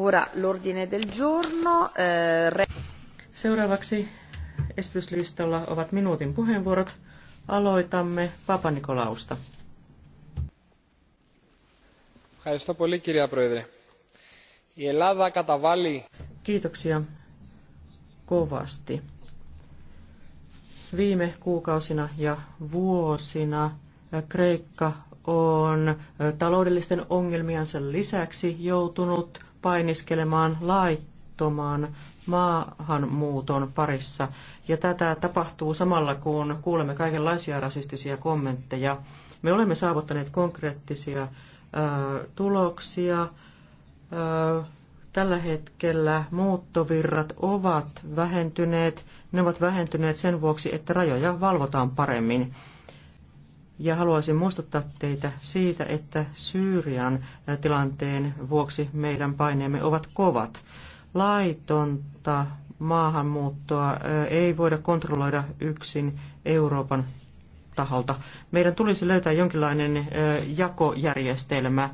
Ora l'ordine del giorno. Eh, Seuraavaksi esityslistalla ovat minuutin puheenvuorot. Aloitamme Papa-Nikolausta. Kiitoksia kovasti. Viime kuukausina ja vuosina Kreikka on taloudellisten ongelmiensa lisäksi joutunut painiskelemaan laittoman maahanmuuton parissa. Ja tätä tapahtuu samalla, kun kuulemme kaikenlaisia rasistisia kommentteja. Me olemme saavuttaneet konkreettisia tuloksia. Tällä hetkellä muuttovirrat ovat vähentyneet. Ne ovat vähentyneet sen vuoksi, että rajoja valvotaan paremmin. Ja haluaisin muistuttaa teitä siitä, että Syyrian tilanteen vuoksi meidän paineemme ovat kovat. Laitonta maahanmuuttoa ei voida kontrolloida yksin Euroopan taholta. Meidän tulisi löytää jonkinlainen jakojärjestelmä,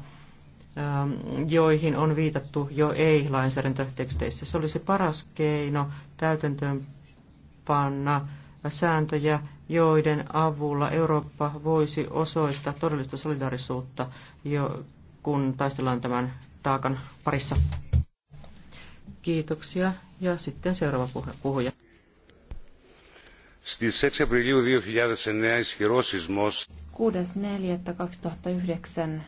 joihin on viitattu jo ei-lainsäädäntöteksteissä. Se olisi paras keino täytäntöönpanna sääntöjä joiden avulla Eurooppa voisi osoittaa todellista solidaarisuutta, jo, kun taistellaan tämän taakan parissa. Kiitoksia. Ja sitten seuraava puhuja. Στις 6 Απριλίου 2009 ισχυρός σεισμός 6.4.2009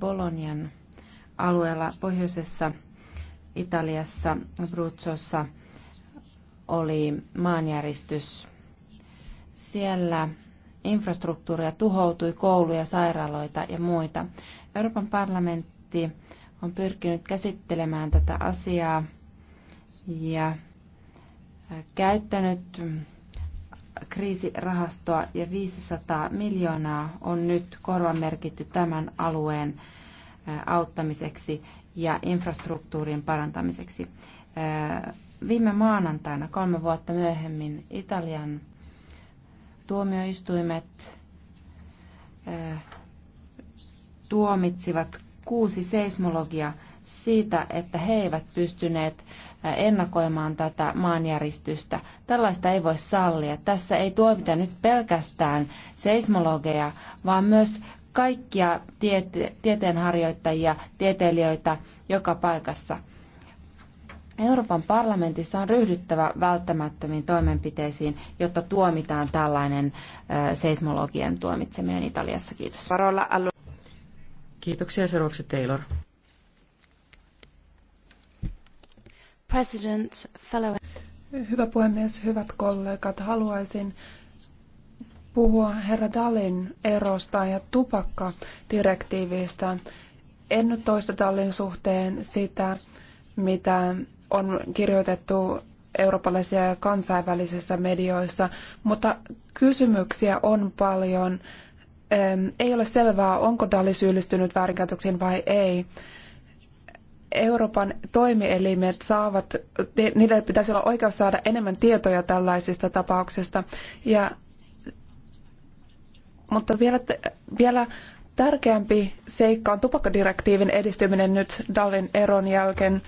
Bolonian alueella pohjoisessa Italiassa Brutsossa, oli maanjäristys. Siellä infrastruktuuria tuhoutui, kouluja, sairaaloita ja muita. Euroopan parlamentti on pyrkinyt käsittelemään tätä asiaa ja äh, käyttänyt kriisirahastoa ja 500 miljoonaa on nyt korvamerkitty tämän alueen äh, auttamiseksi ja infrastruktuurin parantamiseksi. Äh, Viime maanantaina, kolme vuotta myöhemmin, Italian tuomioistuimet äh, tuomitsivat kuusi seismologia siitä, että he eivät pystyneet äh, ennakoimaan tätä maanjäristystä. Tällaista ei voi sallia. Tässä ei tuomita nyt pelkästään seismologeja, vaan myös kaikkia tiete- tieteenharjoittajia, tieteilijöitä joka paikassa – Euroopan parlamentissa on ryhdyttävä välttämättömiin toimenpiteisiin, jotta tuomitaan tällainen seismologian tuomitseminen Italiassa. Kiitos. Kiitoksia. Seuraavaksi Taylor. President, fellow... Hyvä puhemies, hyvät kollegat. Haluaisin puhua herra Dalin erosta ja tupakkadirektiivistä. En nyt toista Dallin suhteen sitä, mitä on kirjoitettu eurooppalaisissa ja kansainvälisissä medioissa, mutta kysymyksiä on paljon. Ei ole selvää, onko Dali syyllistynyt väärinkäytöksiin vai ei. Euroopan toimielimet saavat, niille pitäisi olla oikeus saada enemmän tietoja tällaisista tapauksista. Ja, mutta vielä, vielä tärkeämpi seikka on tupakkadirektiivin edistyminen nyt Dallin eron jälkeen.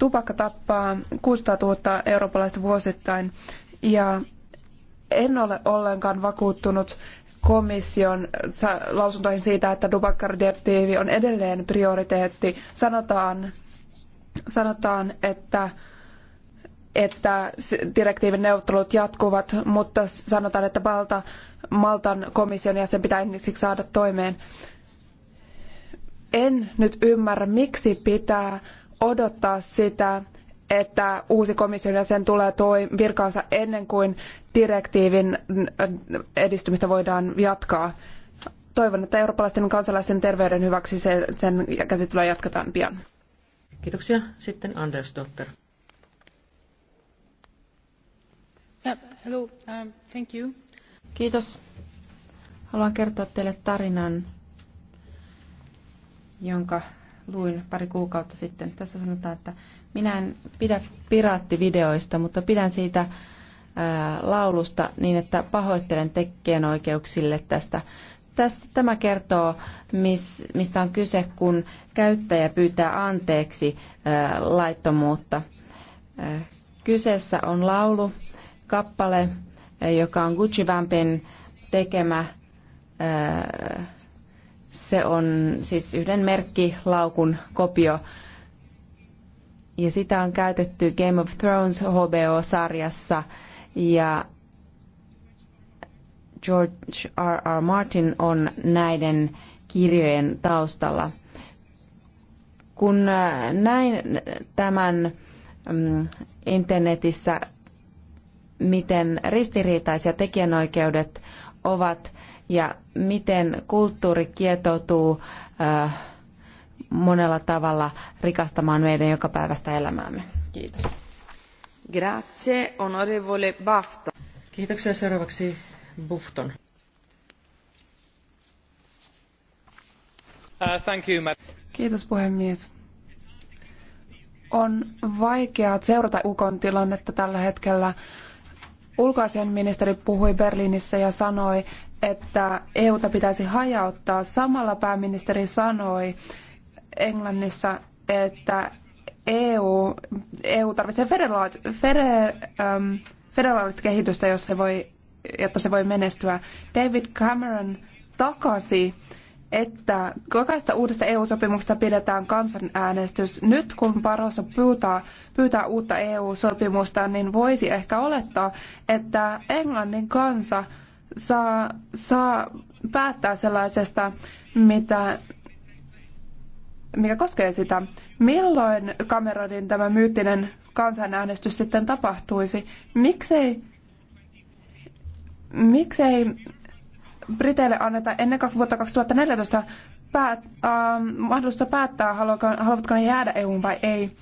Tupakka tappaa 600 000 eurooppalaista vuosittain ja en ole ollenkaan vakuuttunut komission lausuntoihin siitä, että tupakkadirektiivi on edelleen prioriteetti. Sanotaan, sanotaan että että direktiivin neuvottelut jatkuvat, mutta sanotaan, että Malta, Maltan komission jäsen pitää ensiksi saada toimeen. En nyt ymmärrä, miksi pitää odottaa sitä, että uusi komission jäsen tulee toi virkaansa ennen kuin direktiivin edistymistä voidaan jatkaa. Toivon, että eurooppalaisten kansalaisten terveyden hyväksi sen, käsittelyä jatketaan pian. Kiitoksia. Sitten Anders Dotter. Hello, um, thank you. Kiitos. Haluan kertoa teille tarinan, jonka luin pari kuukautta sitten. Tässä sanotaan, että minä en pidä piraattivideoista, mutta pidän siitä ää, laulusta niin, että pahoittelen tekijänoikeuksille tästä. Tästä tämä kertoo, mis, mistä on kyse, kun käyttäjä pyytää anteeksi ää, laittomuutta. Ää, kyseessä on laulu, kappale, joka on Gucci Vampin tekemä ää, se on siis yhden merkkilaukun kopio. Ja sitä on käytetty Game of Thrones HBO-sarjassa ja George R. R. Martin on näiden kirjojen taustalla. Kun äh, näin tämän mm, internetissä, miten ristiriitaisia tekijänoikeudet ovat ja miten kulttuuri kietoutuu äh, monella tavalla rikastamaan meidän joka päivästä elämäämme. Kiitos. Grazie, onorevole Bafton. Kiitoksia seuraavaksi Bufton. Uh, thank you, Kiitos puhemies. On vaikeaa seurata Ukon tilannetta tällä hetkellä. Ulkoasiainministeri puhui Berliinissä ja sanoi, että EUta pitäisi hajauttaa. Samalla pääministeri sanoi Englannissa, että EU, EU tarvitsee federaat, ähm, federaalista kehitystä, jos se voi, jotta se voi menestyä. David Cameron takasi, että jokaisesta uudesta EU-sopimuksesta pidetään kansanäänestys. Nyt kun Barroso pyytää, pyytää uutta EU-sopimusta, niin voisi ehkä olettaa, että Englannin kansa – saa, saa päättää sellaisesta, mitä, mikä koskee sitä. Milloin Cameronin tämä myyttinen kansanäänestys sitten tapahtuisi? Miksei, miksei Briteille anneta ennen vuotta 2014 päät, äh, mahdollista päättää, haluatko ne jäädä EU:un vai ei?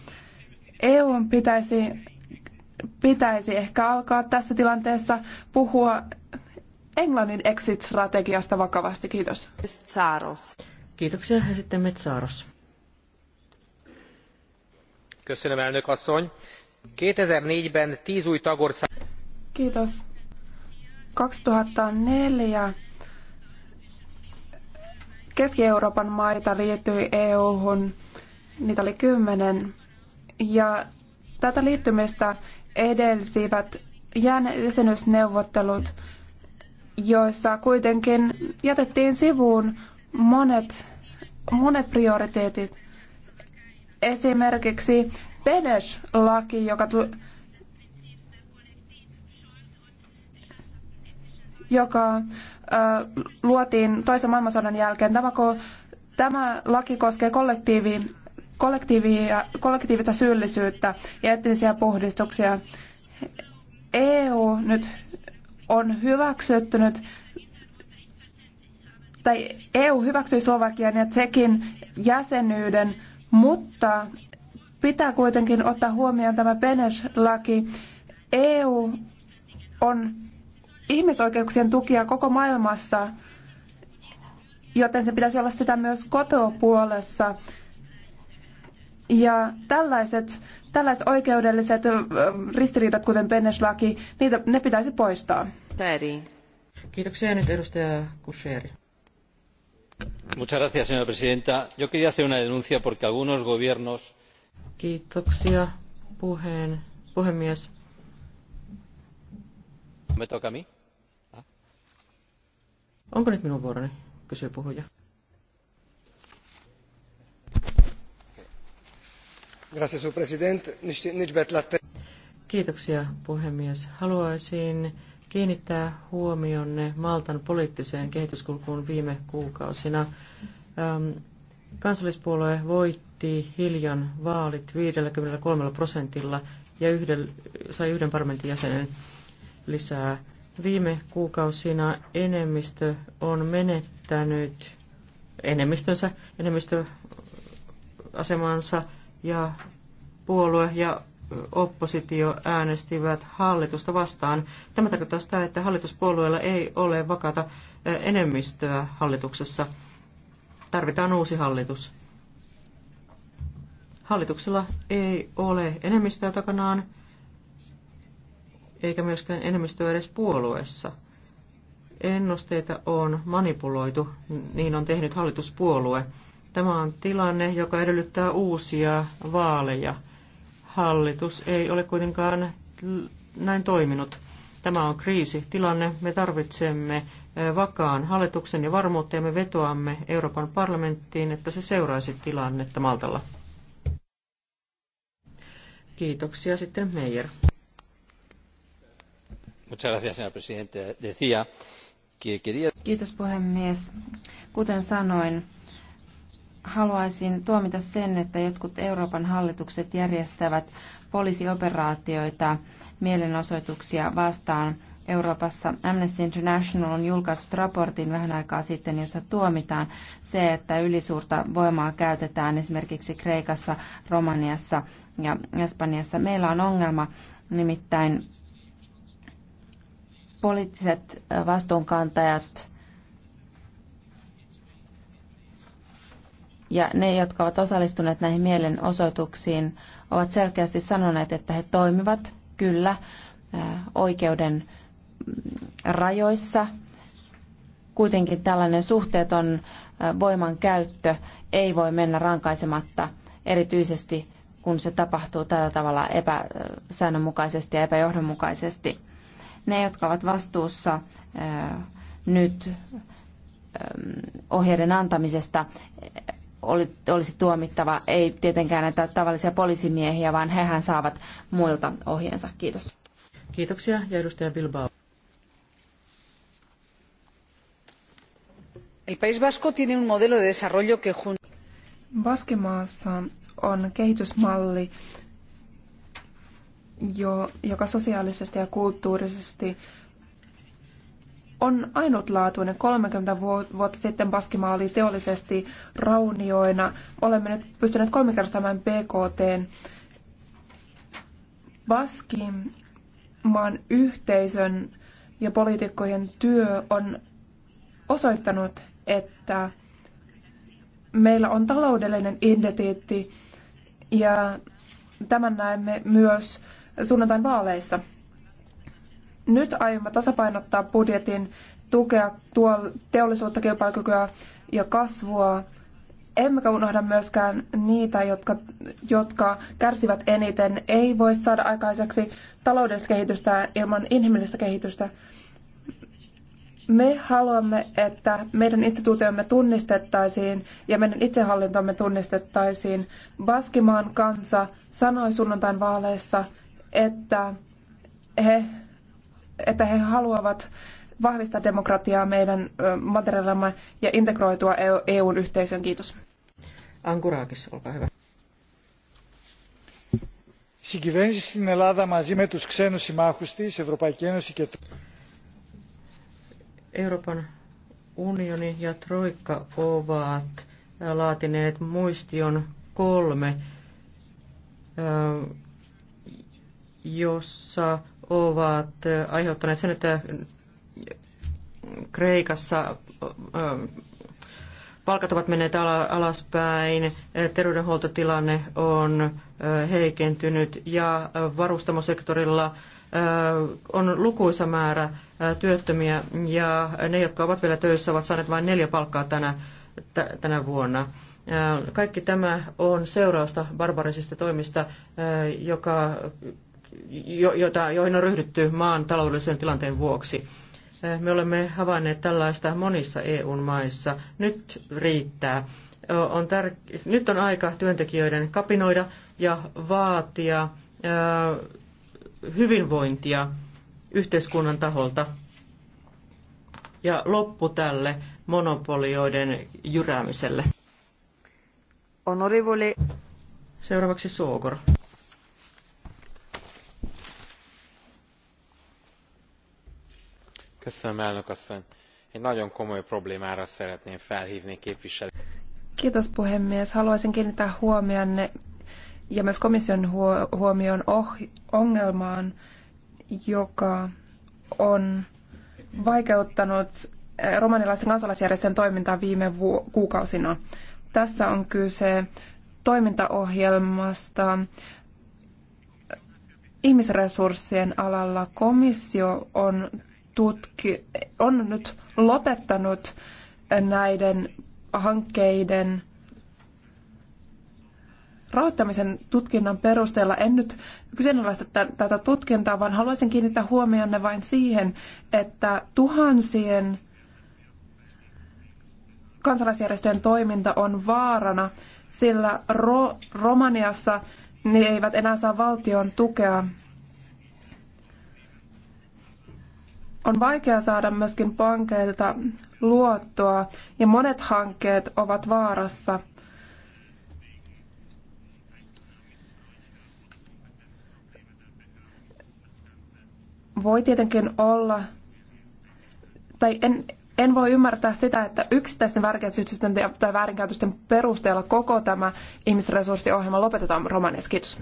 EUn pitäisi pitäisi ehkä alkaa tässä tilanteessa puhua Englannin exit-strategiasta vakavasti. Kiitos. Saaros. Kiitoksia ja sitten Metsaaros. Köszönöm, elnök asszony. 2004-ben 10 új tagország... Kiitos. 2004 Keski-Euroopan maita liittyi EU-hun. Niitä oli kymmenen. Ja tätä liittymistä edelsivät jäsenyysneuvottelut joissa kuitenkin jätettiin sivuun monet, monet prioriteetit. Esimerkiksi Benes-laki, joka, tu- joka ö, luotiin toisen maailmansodan jälkeen. Tämä, tämä laki koskee kollektiivi, kollektiivia, kollektiivista syyllisyyttä ja etnisiä puhdistuksia. EU e nyt on hyväksyttynyt tai EU hyväksyi Slovakian ja Tsekin jäsenyyden, mutta pitää kuitenkin ottaa huomioon tämä Benes-laki. EU on ihmisoikeuksien tukia koko maailmassa, joten se pitäisi olla sitä myös kotopuolessa. Ja tällaiset Tällaiset oikeudelliset ristiriidat, kuten Beneslaki, niitä, ne pitäisi poistaa. Päri. Kiitoksia nyt edustaja Kusheri. Muchas gracias, señora presidenta. Yo quería hacer una denuncia porque algunos gobiernos... Kiitoksia, puheen, puhemies. Me toca a mí. Ah. Onko nyt minun vuoroni, kysyy puhuja. Kiitoksia puhemies. Haluaisin kiinnittää huomionne Maltan poliittiseen kehityskulkuun viime kuukausina. kansallispuolue voitti hiljan vaalit 53 prosentilla ja yhden, sai yhden parlamentin jäsenen lisää. Viime kuukausina enemmistö on menettänyt enemmistönsä, enemmistöasemansa – ja puolue ja oppositio äänestivät hallitusta vastaan. Tämä tarkoittaa sitä, että hallituspuolueella ei ole vakata enemmistöä hallituksessa. Tarvitaan uusi hallitus. Hallituksella ei ole enemmistöä takanaan, eikä myöskään enemmistöä edes puolueessa. Ennusteita on manipuloitu, niin on tehnyt hallituspuolue. Tämä on tilanne, joka edellyttää uusia vaaleja. Hallitus ei ole kuitenkaan näin toiminut. Tämä on kriisitilanne. Me tarvitsemme vakaan hallituksen ja varmuutta ja me vetoamme Euroopan parlamenttiin, että se seuraisi tilannetta Maltalla. Kiitoksia. Sitten Meijer. Kiitos puhemies. Kuten sanoin, haluaisin tuomita sen, että jotkut Euroopan hallitukset järjestävät poliisioperaatioita mielenosoituksia vastaan Euroopassa. Amnesty International on julkaissut raportin vähän aikaa sitten, jossa tuomitaan se, että ylisuurta voimaa käytetään esimerkiksi Kreikassa, Romaniassa ja Espanjassa. Meillä on ongelma, nimittäin poliittiset vastuunkantajat ja ne, jotka ovat osallistuneet näihin mielenosoituksiin, ovat selkeästi sanoneet, että he toimivat kyllä äh, oikeuden mm, rajoissa. Kuitenkin tällainen suhteeton äh, voiman käyttö ei voi mennä rankaisematta, erityisesti kun se tapahtuu tällä tavalla epäsäännönmukaisesti ja epäjohdonmukaisesti. Ne, jotka ovat vastuussa äh, nyt ähm, ohjeiden antamisesta, olisi tuomittava, ei tietenkään näitä tavallisia poliisimiehiä, vaan hehän saavat muilta ohjeensa. Kiitos. Kiitoksia ja edustaja Bilbao. El País Vasco tiene un modelo de desarrollo que junto... Baskimaassa on kehitysmalli, jo, joka sosiaalisesti ja kulttuurisesti on ainutlaatuinen. 30 vuotta sitten Baskimaa oli teollisesti raunioina. Olemme nyt pystyneet kolminkertaistamaan BKT. Baskimaan yhteisön ja poliitikkojen työ on osoittanut, että meillä on taloudellinen identiteetti ja tämän näemme myös sunnuntain vaaleissa. Nyt aiomme tasapainottaa budjetin, tukea teollisuutta, kilpailukykyä ja kasvua. Emmekä unohda myöskään niitä, jotka, jotka kärsivät eniten. Ei voi saada aikaiseksi taloudellista kehitystä ilman inhimillistä kehitystä. Me haluamme, että meidän instituutiomme tunnistettaisiin ja meidän itsehallintomme tunnistettaisiin. Baskimaan kansa sanoi sunnuntain vaaleissa, että he että he haluavat vahvistaa demokratiaa meidän materiaalillamme ja integroitua EUn e yhteisöön. Kiitos. Ankuraakis, olkaa hyvä. Συγκυβέρνηση στην Ελλάδα μαζί με τους ξένους συμμάχους της, Ευρωπαϊκή Ένωση και... Euroopan unioni ja Troikka ovat äh, laatineet muistion kolme, äh, jossa ovat aiheuttaneet sen, että Kreikassa palkat ovat menneet alaspäin, terveydenhuoltotilanne on heikentynyt ja varustamosektorilla on lukuisa määrä työttömiä ja ne, jotka ovat vielä töissä, ovat saaneet vain neljä palkkaa tänä, tänä vuonna. Kaikki tämä on seurausta barbarisista toimista, joka jota, joihin on ryhdytty maan taloudellisen tilanteen vuoksi. Eh, me olemme havainneet tällaista monissa EU-maissa. Nyt riittää. Eh, on tär- Nyt on aika työntekijöiden kapinoida ja vaatia eh, hyvinvointia yhteiskunnan taholta. Ja loppu tälle monopolioiden jyräämiselle. Honorevole. Seuraavaksi Sookor. egy nagyon komoly problémára szeretném felhívni képviselőt. Kiitos puhemies. Haluaisin kiinnittää huomionne ja myös komission huomion oh- ongelmaan, joka on vaikeuttanut eh, romanilaisten kansalaisjärjestön toimintaa viime kuukausina. Tässä on kyse toimintaohjelmasta ihmisresurssien alalla. Komissio on tutki, on nyt lopettanut näiden hankkeiden rahoittamisen tutkinnan perusteella. En nyt kyseenalaista tätä tutkintaa, vaan haluaisin kiinnittää huomionne vain siihen, että tuhansien kansalaisjärjestöjen toiminta on vaarana, sillä Ro- Romaniassa ne eivät enää saa valtion tukea On vaikea saada myöskin pankeilta luottoa ja monet hankkeet ovat vaarassa. Voi tietenkin olla, tai en, en voi ymmärtää sitä, että yksittäisten väärinkäytösten tai väärinkäytösten perusteella koko tämä ihmisresurssiohjelma lopetetaan Romaniassa. Kiitos.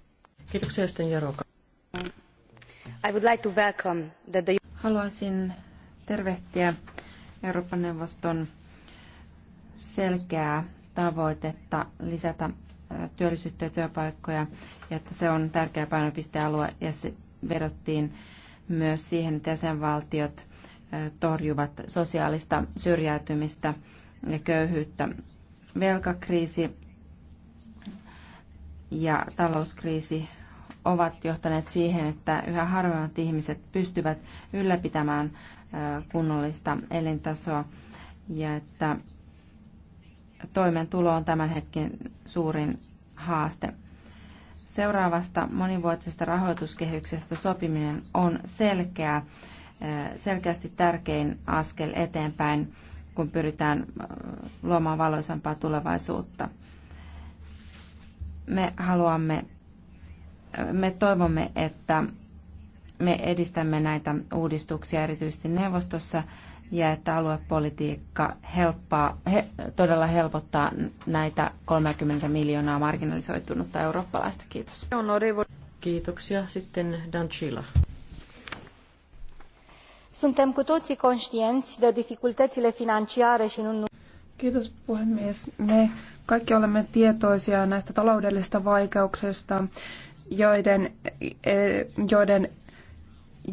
Kiitoksia, Sten Jaroka. I would like to welcome that the... Haluaisin tervehtiä Euroopan neuvoston selkeää tavoitetta lisätä työllisyyttä ja työpaikkoja, ja että se on tärkeä painopistealue, ja se vedottiin myös siihen, että jäsenvaltiot torjuvat sosiaalista syrjäytymistä ja köyhyyttä. Velkakriisi ja talouskriisi ovat johtaneet siihen, että yhä harvemmat ihmiset pystyvät ylläpitämään kunnollista elintasoa ja että toimeentulo on tämän hetken suurin haaste. Seuraavasta monivuotisesta rahoituskehyksestä sopiminen on selkeä, selkeästi tärkein askel eteenpäin, kun pyritään luomaan valoisampaa tulevaisuutta. Me haluamme me toivomme, että me edistämme näitä uudistuksia erityisesti neuvostossa ja että aluepolitiikka helppaa, he, todella helpottaa näitä 30 miljoonaa marginalisoitunutta eurooppalaista. Kiitos. Kiitoksia. Sitten Dancila. Suntem cu toții conștienți de dificultățile financiare și nu Kiitos puhemies. Me kaikki olemme tietoisia näistä taloudellisista vaikeuksista joiden, e, joiden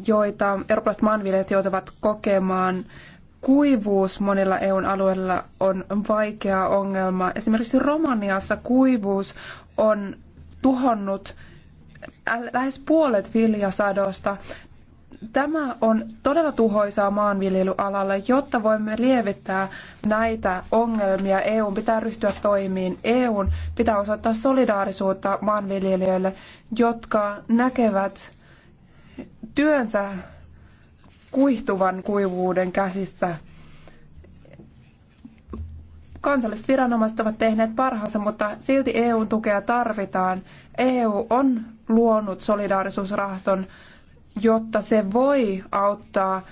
joita eurooppalaiset maanviljelijät joutuvat kokemaan. Kuivuus monilla EUn alueilla on vaikea ongelma. Esimerkiksi Romaniassa kuivuus on tuhonnut lähes puolet viljasadosta. Tämä on todella tuhoisaa maanviljelyalalle. Jotta voimme lievittää näitä ongelmia, EU pitää ryhtyä toimiin. EU pitää osoittaa solidaarisuutta maanviljelijöille, jotka näkevät työnsä kuihtuvan kuivuuden käsistä. Kansalliset viranomaiset ovat tehneet parhaansa, mutta silti EUn tukea tarvitaan. EU on luonut solidaarisuusrahaston jotta se voi auttaa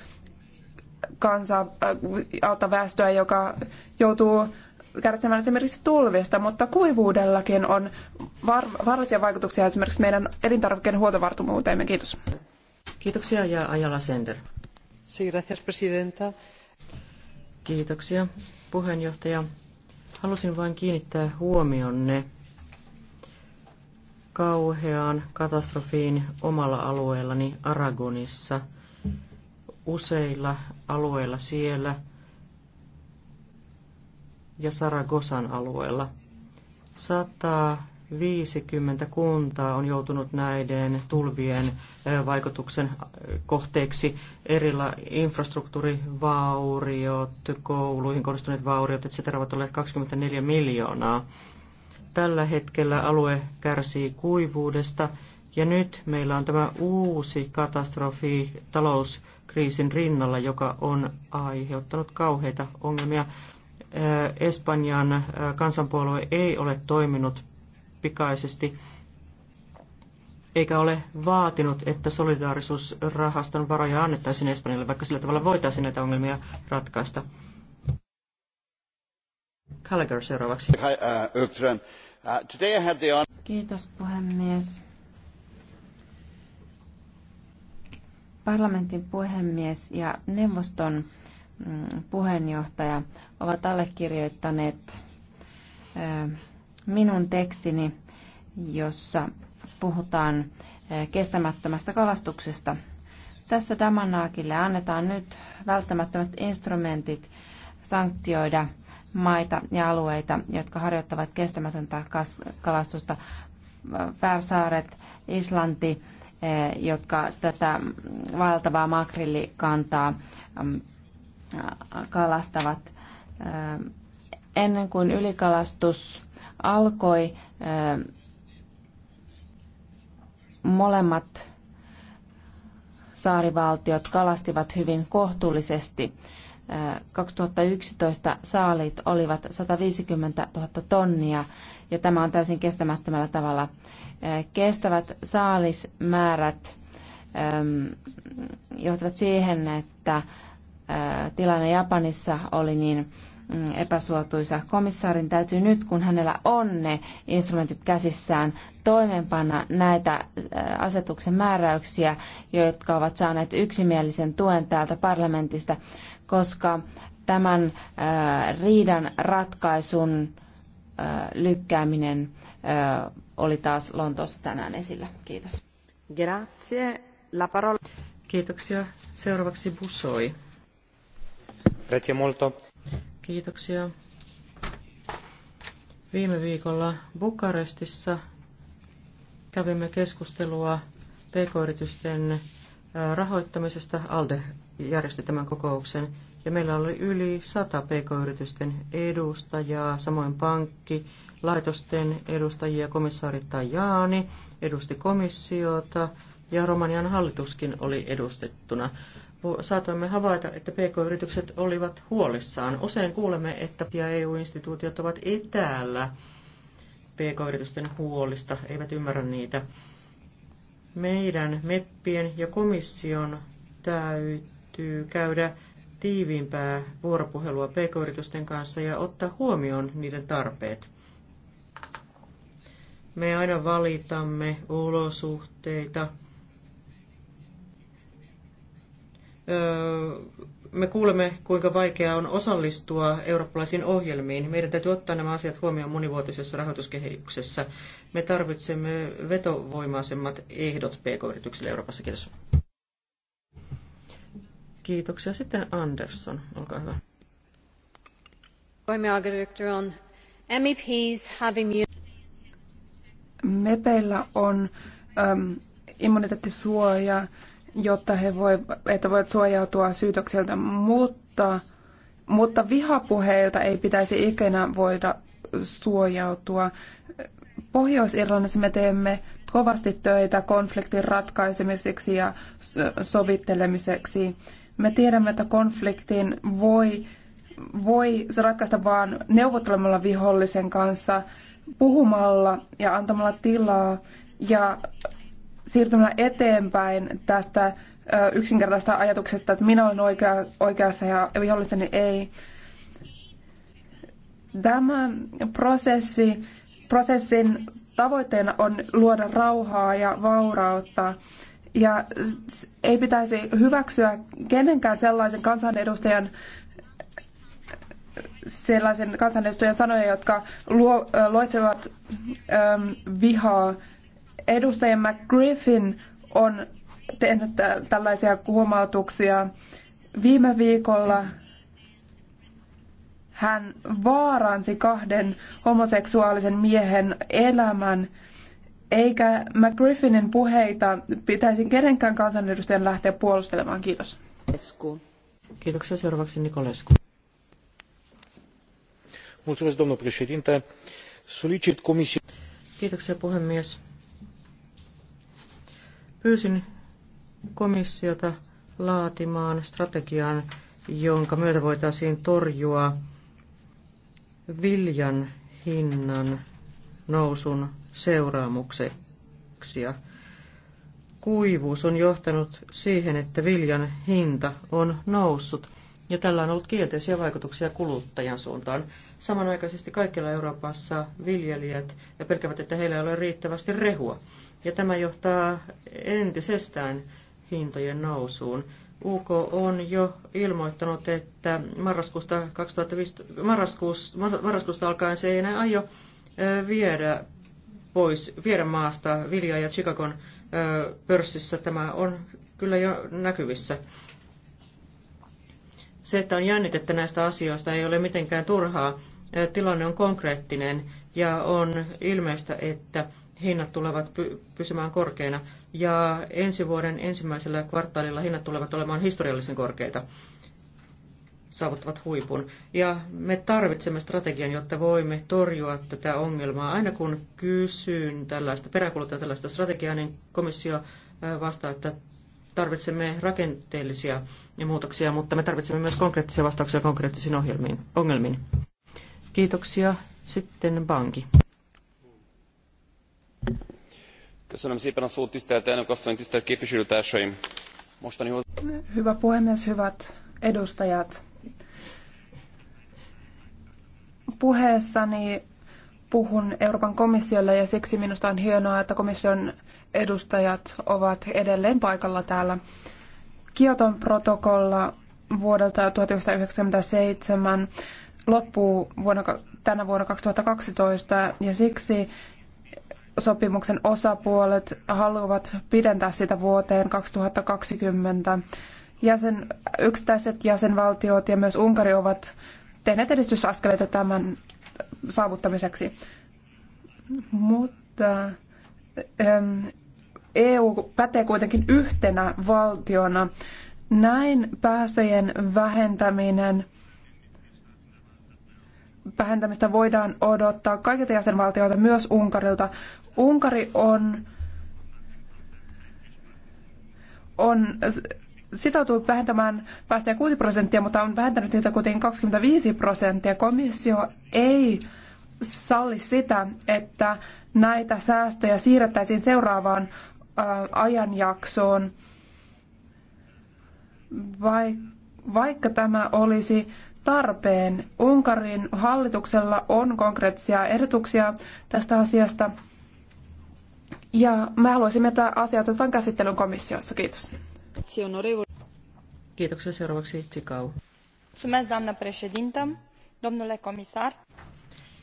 kansa, äh, auttaa väestöä, joka joutuu kärsimään esimerkiksi tulvista, mutta kuivuudellakin on var- vaarallisia vaikutuksia esimerkiksi meidän elintarvikkeiden huoltovartumuuteemme. Kiitos. Kiitoksia ja Ajala Sender. Sí, gracias, presidenta. Kiitoksia, puheenjohtaja. Halusin vain kiinnittää huomionne kauheaan katastrofiin omalla alueellani Aragonissa. Useilla alueilla siellä ja Saragosan alueella. 150 kuntaa on joutunut näiden tulvien vaikutuksen kohteeksi. Erillä infrastruktuurivauriot, kouluihin kohdistuneet vauriot, etc. ovat olleet 24 miljoonaa Tällä hetkellä alue kärsii kuivuudesta ja nyt meillä on tämä uusi katastrofi talouskriisin rinnalla, joka on aiheuttanut kauheita ongelmia. Äh, Espanjan äh, kansanpuolue ei ole toiminut pikaisesti eikä ole vaatinut, että solidaarisuusrahaston varoja annettaisiin Espanjalle, vaikka sillä tavalla voitaisiin näitä ongelmia ratkaista. Gallagher seuraavaksi. Uh, uh, Kiitos puhemies. Parlamentin puhemies ja neuvoston mm, puheenjohtaja ovat allekirjoittaneet minun tekstini, jossa puhutaan kestämättömästä kalastuksesta. Tässä Damanaakille annetaan nyt välttämättömät instrumentit sanktioida – maita ja alueita, jotka harjoittavat kestämätöntä kalastusta. Färsaaret, Islanti, eh, jotka tätä valtavaa makrillikantaa mm, äh, kalastavat. Eh, ennen kuin ylikalastus alkoi, eh, molemmat saarivaltiot kalastivat hyvin kohtuullisesti. 2011 saalit olivat 150 000 tonnia ja tämä on täysin kestämättömällä tavalla. Äh, kestävät saalismäärät ähm, johtavat siihen, että äh, tilanne Japanissa oli niin mm, epäsuotuisa. Komissaarin täytyy nyt, kun hänellä on ne instrumentit käsissään, toimeenpanna näitä äh, asetuksen määräyksiä, jotka ovat saaneet yksimielisen tuen täältä parlamentista koska tämän äh, riidan ratkaisun äh, lykkääminen äh, oli taas Lontoossa tänään esillä. Kiitos. Grazie. La parola. Kiitoksia. Seuraavaksi Busoi. Grazie molto. Kiitoksia. Viime viikolla Bukarestissa kävimme keskustelua pk-yritysten rahoittamisesta. ALDE järjesti tämän kokouksen ja meillä oli yli 100 pk-yritysten edustajaa, samoin pankki, laitosten edustajia, komissaari Tajani edusti komissiota ja Romanian hallituskin oli edustettuna. Saatoimme havaita, että pk-yritykset olivat huolissaan. Usein kuulemme, että EU-instituutiot ovat etäällä pk-yritysten huolista, eivät ymmärrä niitä meidän meppien ja komission täytyy käydä tiiviimpää vuoropuhelua pk-yritysten kanssa ja ottaa huomioon niiden tarpeet. Me aina valitamme olosuhteita, öö, me kuulemme, kuinka vaikeaa on osallistua eurooppalaisiin ohjelmiin. Meidän täytyy ottaa nämä asiat huomioon monivuotisessa rahoituskehityksessä. Me tarvitsemme vetovoimaisemmat ehdot PK-yrityksille Euroopassa. Kiitos. Kiitoksia. Sitten Andersson, olkaa hyvä. MEPs e MEPeillä on ähm, immuniteettisuoja jotta he voi, että voivat suojautua syytökseltä, mutta, mutta vihapuheilta ei pitäisi ikinä voida suojautua. Pohjois-Irlannissa me teemme kovasti töitä konfliktin ratkaisemiseksi ja sovittelemiseksi. Me tiedämme, että konfliktin voi, voi se ratkaista vain neuvottelemalla vihollisen kanssa, puhumalla ja antamalla tilaa ja siirtymällä eteenpäin tästä yksinkertaista ajatuksesta, että minä olen oikea, oikeassa ja viholliseni ei. Tämä prosessi, prosessin tavoitteena on luoda rauhaa ja vaurautta. Ja ei pitäisi hyväksyä kenenkään sellaisen kansanedustajan sellaisen kansanedustajan sanoja, jotka luo, loitsevat vihaa edustaja McGriffin on tehnyt tällaisia huomautuksia. Viime viikolla hän vaaransi kahden homoseksuaalisen miehen elämän, eikä McGriffinin puheita pitäisi kenenkään kansanedustajan lähteä puolustelemaan. Kiitos. Kiitoksia. Seuraavaksi Nikolescu. Kiitoksia, puhemies. Pyysin komissiota laatimaan strategian, jonka myötä voitaisiin torjua viljan hinnan nousun seuraamukseksi. Kuivuus on johtanut siihen, että viljan hinta on noussut, ja tällä on ollut kielteisiä vaikutuksia kuluttajan suuntaan. Samanaikaisesti kaikilla Euroopassa viljelijät pelkävät, että heillä ei ole riittävästi rehua ja tämä johtaa entisestään hintojen nousuun. UK on jo ilmoittanut, että marraskuusta, 2015, marraskuus, marraskuusta alkaen se ei enää aio viedä pois, viedä maasta viljaa ja Chicagon pörssissä tämä on kyllä jo näkyvissä. Se, että on jännitettä näistä asioista, ei ole mitenkään turhaa. Tilanne on konkreettinen ja on ilmeistä, että hinnat tulevat pysymään korkeina. Ja ensi vuoden ensimmäisellä kvartaalilla hinnat tulevat olemaan historiallisen korkeita, saavuttavat huipun. Ja me tarvitsemme strategian, jotta voimme torjua tätä ongelmaa. Aina kun kysyn tällaista, peräkuluttaa tällaista strategiaa, niin komissio vastaa, että tarvitsemme rakenteellisia muutoksia, mutta me tarvitsemme myös konkreettisia vastauksia konkreettisiin ohjelmiin, ongelmiin. Kiitoksia. Sitten Banki tisztelt elnök asszony tisztelt képviselőtársaim! hyvä puhemies hyvät edustajat puheessani puhun euroopan komissiolle ja siksi minusta on hienoa että komission edustajat ovat edelleen paikalla täällä. kioton protokolla vuodelta tuhat yhdeksänsataayhdeksänkymmentäseitsemän loppuu vuonna, tänä vuonna 2012 ja siksi sopimuksen osapuolet haluavat pidentää sitä vuoteen 2020. Jäsen, yksittäiset jäsenvaltiot ja myös Unkari ovat tehneet edistysaskeleita tämän saavuttamiseksi. Mutta ähm, EU pätee kuitenkin yhtenä valtiona. Näin päästöjen vähentäminen vähentämistä voidaan odottaa kaikilta jäsenvaltioilta, myös Unkarilta, Unkari on, on sitoutunut vähentämään päästöjä 6 prosenttia, mutta on vähentänyt niitä kuitenkin 25 prosenttia. Komissio ei salli sitä, että näitä säästöjä siirrettäisiin seuraavaan ajanjaksoon, vaikka tämä olisi tarpeen. Unkarin hallituksella on konkreettisia ehdotuksia tästä asiasta – ja mä haluaisin että asia otetaan käsittelyn komissiossa. Kiitos. Kiitoksia. Seuraavaksi Tsikau. Mulțumesc, doamnă președintă, domnule komissar.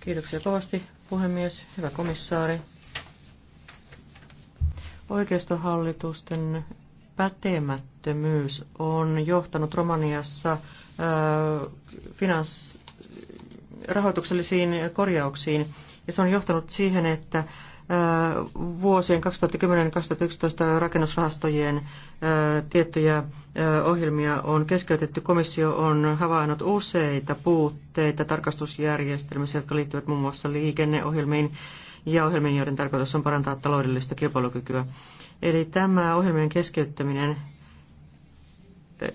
Kiitoksia kovasti, puhemies, hyvä komissaari. Oikeistohallitusten pätemättömyys on johtanut Romaniassa äh, finans, rahoituksellisiin korjauksiin, ja se on johtanut siihen, että äh, vuosien 2010-2011 rakennusrahastojen tiettyjä ohjelmia on keskeytetty. Komissio on havainnut useita puutteita tarkastusjärjestelmissä, jotka liittyvät muun muassa liikenneohjelmiin ja ohjelmiin, joiden tarkoitus on parantaa taloudellista kilpailukykyä. Eli tämä ohjelmien keskeyttäminen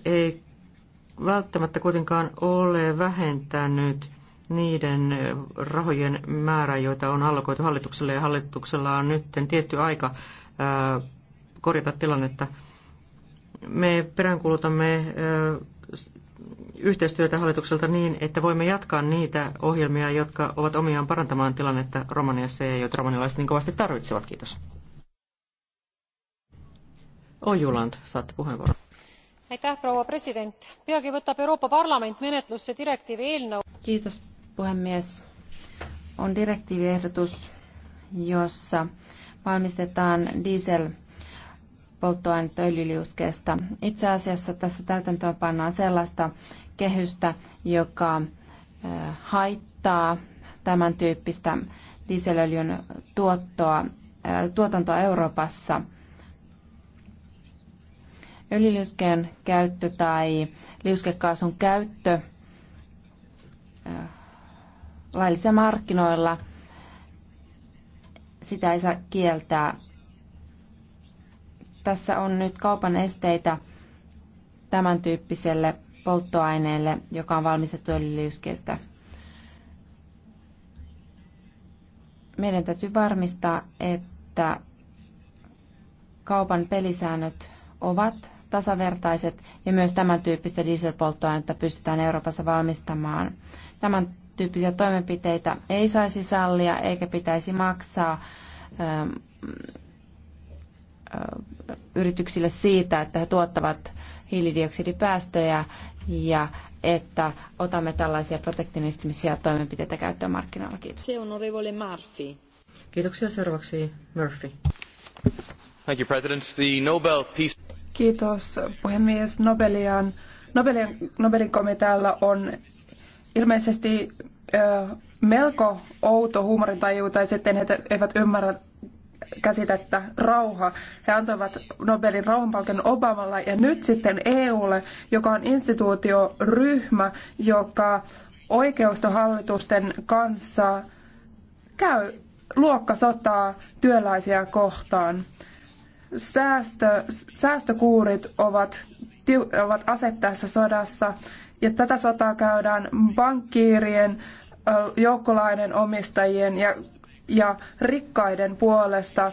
ei välttämättä kuitenkaan ole vähentänyt niiden rahojen määrä, joita on allokoitu hallitukselle, ja hallituksella on nyt tietty aika korjata tilannetta. Me peräänkuulutamme yhteistyötä hallitukselta niin, että voimme jatkaa niitä ohjelmia, jotka ovat omiaan parantamaan tilannetta Romaniassa ja joita romanilaiset niin kovasti tarvitsevat. Kiitos. Ojuland, saatte puheenvuoron. Aitäh, rouva president. Peagi võtab Euroopa Parlament menetlusse direktiivi eelnõu. Kiitos, puhemies, on direktiiviehdotus, jossa valmistetaan diesel polttoainetta öljyliuskeesta. Itse asiassa tässä täytäntöön pannaan sellaista kehystä, joka haittaa tämän tyyppistä dieselöljyn tuottoa, tuotantoa Euroopassa. Öljyliuskeen käyttö tai liuskekaasun käyttö laillisilla markkinoilla. Sitä ei saa kieltää. Tässä on nyt kaupan esteitä tämän tyyppiselle polttoaineelle, joka on valmistettu öljyliuskeesta. Meidän täytyy varmistaa, että kaupan pelisäännöt ovat tasavertaiset ja myös tämän tyyppistä dieselpolttoainetta pystytään Euroopassa valmistamaan. Tämän tyyppisiä toimenpiteitä ei saisi sallia eikä pitäisi maksaa ähm, äh, yrityksille siitä, että he tuottavat hiilidioksidipäästöjä ja että otamme tällaisia protektionistisia toimenpiteitä käyttöön markkinoilla. Kiitos. Se on Rivoli Murphy. Kiitoksia seuraavaksi Murphy. Thank you, President. The Nobel Peace... Kiitos puhemies. Nobelian, Nobelin, Nobelin komitealla on ilmeisesti melko outo huumorintaju, tai sitten he eivät ymmärrä käsitettä rauha. He antoivat Nobelin rauhanpalkinnon Obamalla ja nyt sitten EUlle, joka on instituutioryhmä, joka oikeustohallitusten kanssa käy luokkasotaa työläisiä kohtaan. Säästö, säästökuurit ovat, ovat asettaessa sodassa ja tätä sotaa käydään pankkiirien, joukkolaiden omistajien ja, ja rikkaiden puolesta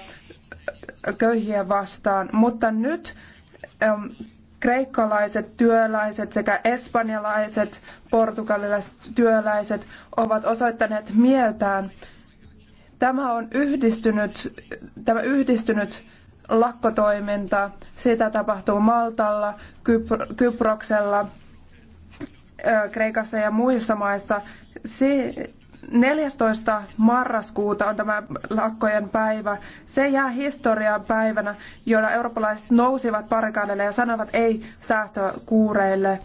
köyhien vastaan. Mutta nyt kreikkalaiset työläiset sekä espanjalaiset, portugalilaiset työläiset ovat osoittaneet mieltään. Tämä on yhdistynyt, tämä yhdistynyt lakkotoiminta, sitä tapahtuu Maltalla, Kyproksella, Kreikassa ja muissa maissa. Se, 14. marraskuuta on tämä lakkojen päivä. Se jää historian päivänä, jona eurooppalaiset nousivat parikaadelle ja sanovat ei säästökuureille.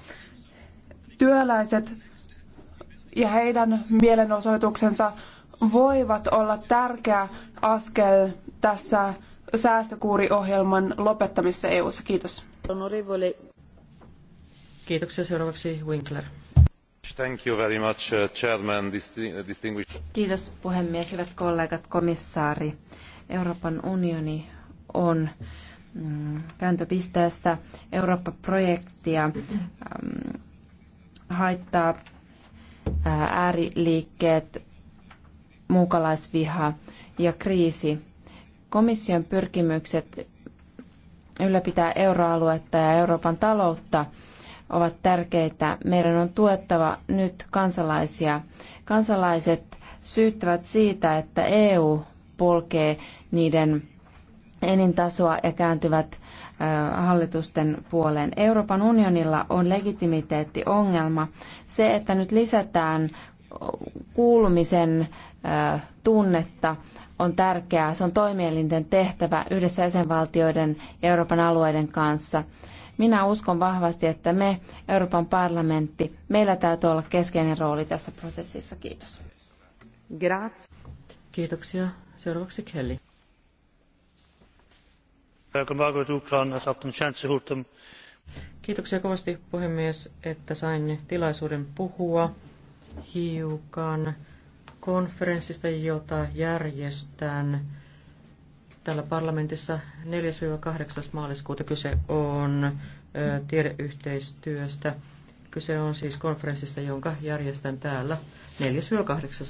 Työläiset ja heidän mielenosoituksensa voivat olla tärkeä askel tässä säästökuuriohjelman lopettamisessa EU:ssa. Kiitos. Kiitoksia. Seuraavaksi Winkler. Thank you very much, uh, chairman, distinguished... Kiitos puhemies, hyvät kollegat, komissaari. Euroopan unioni on mm, kääntöpisteestä Eurooppa-projektia mm, haittaa ääriliikkeet, muukalaisviha ja kriisi. Komission pyrkimykset ylläpitää euroaluetta ja Euroopan taloutta – ovat tärkeitä. Meidän on tuettava nyt kansalaisia. Kansalaiset syyttävät siitä, että EU polkee niiden enintasoa ja kääntyvät hallitusten puoleen. Euroopan unionilla on legitimiteettiongelma. Se, että nyt lisätään kuulumisen tunnetta on tärkeää. Se on toimielinten tehtävä yhdessä jäsenvaltioiden ja Euroopan alueiden kanssa. Minä uskon vahvasti, että me, Euroopan parlamentti, meillä täytyy olla keskeinen rooli tässä prosessissa. Kiitos. Grazie. Kiitoksia. Seuraavaksi Kelly. Kiitoksia kovasti puhemies, että sain tilaisuuden puhua hiukan konferenssista, jota järjestän täällä parlamentissa 4-8. maaliskuuta kyse on tiedeyhteistyöstä. Kyse on siis konferenssista, jonka järjestän täällä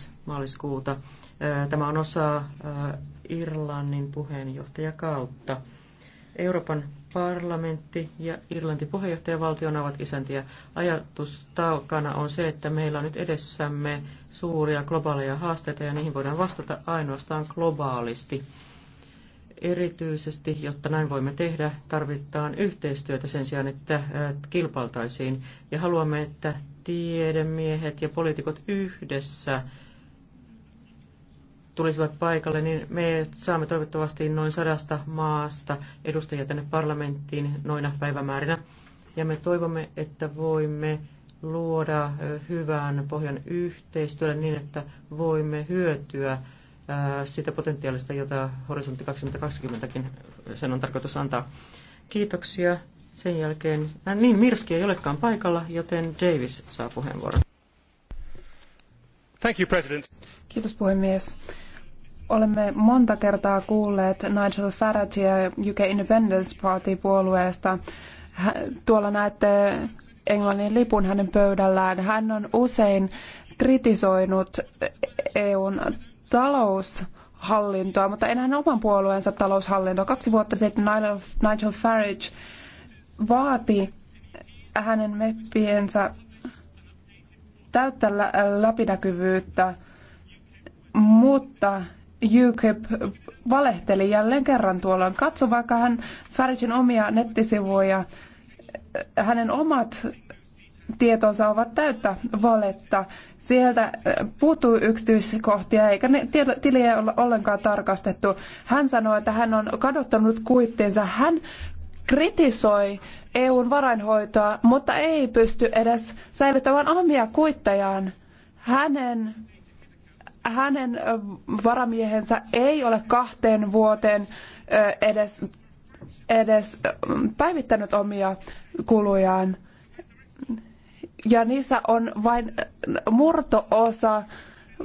4-8. maaliskuuta. Tämä on osa Irlannin puheenjohtajakautta. Euroopan parlamentti ja Irlanti puheenjohtajavaltiona ovat isäntiä. Ajatus taukana on se, että meillä on nyt edessämme suuria globaaleja haasteita ja niihin voidaan vastata ainoastaan globaalisti. Erityisesti, jotta näin voimme tehdä, tarvitaan yhteistyötä sen sijaan, että kilpailtaisiin. Ja haluamme, että tiedemiehet ja poliitikot yhdessä tulisivat paikalle, niin me saamme toivottavasti noin sadasta maasta edustajia tänne parlamenttiin noina päivämäärinä. Ja me toivomme, että voimme luoda hyvän pohjan yhteistyölle niin, että voimme hyötyä sitä potentiaalista, jota Horisontti 2020kin sen on tarkoitus antaa. Kiitoksia. Sen jälkeen, äh, niin Mirski ei olekaan paikalla, joten Davis saa puheenvuoron. Thank you, President. Kiitos puhemies. Olemme monta kertaa kuulleet Nigel Faragea UK Independence Party-puolueesta. Tuolla näette Englannin lipun hänen pöydällään. Hän on usein kritisoinut EUn taloushallintoa, mutta enää oman puolueensa taloushallintoa. Kaksi vuotta sitten Nigel Farage vaati hänen meppiensä täyttää läpinäkyvyyttä, mutta UKIP valehteli jälleen kerran tuolloin. Katso vaikka hän Faragein omia nettisivuja, hänen omat tietonsa ovat täyttä valetta. Sieltä äh, puuttuu yksityiskohtia eikä ne tiliä ole ollenkaan tarkastettu. Hän sanoi, että hän on kadottanut kuittinsa. Hän kritisoi EUn varainhoitoa, mutta ei pysty edes säilyttämään omia kuittejaan. Hänen, hänen äh, varamiehensä ei ole kahteen vuoteen äh, edes, edes päivittänyt omia kulujaan ja niissä on vain äh, murto-osa,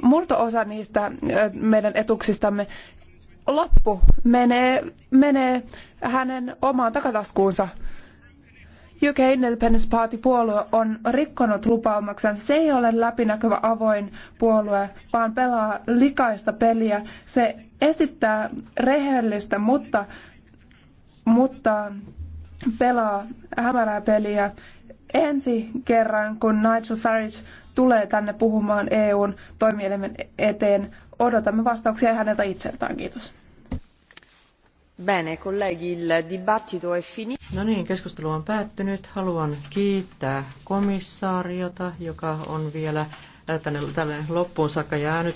murto-osa niistä äh, meidän etuksistamme. Loppu menee, menee hänen omaan takataskuunsa. UK Independence Party-puolue on rikkonut lupaumaksensa. Se ei ole läpinäkyvä avoin puolue, vaan pelaa likaista peliä. Se esittää rehellistä, mutta, mutta pelaa hämärää peliä ensi kerran, kun Nigel Farage tulee tänne puhumaan EUn toimielimen eteen, odotamme vastauksia häneltä itseltään. Kiitos. Bene, colleghi, il dibattito è finito. No niin, keskustelu on päättynyt. Haluan kiittää komissaariota, joka on vielä äh, tänne, tänne loppuun saakka jäänyt.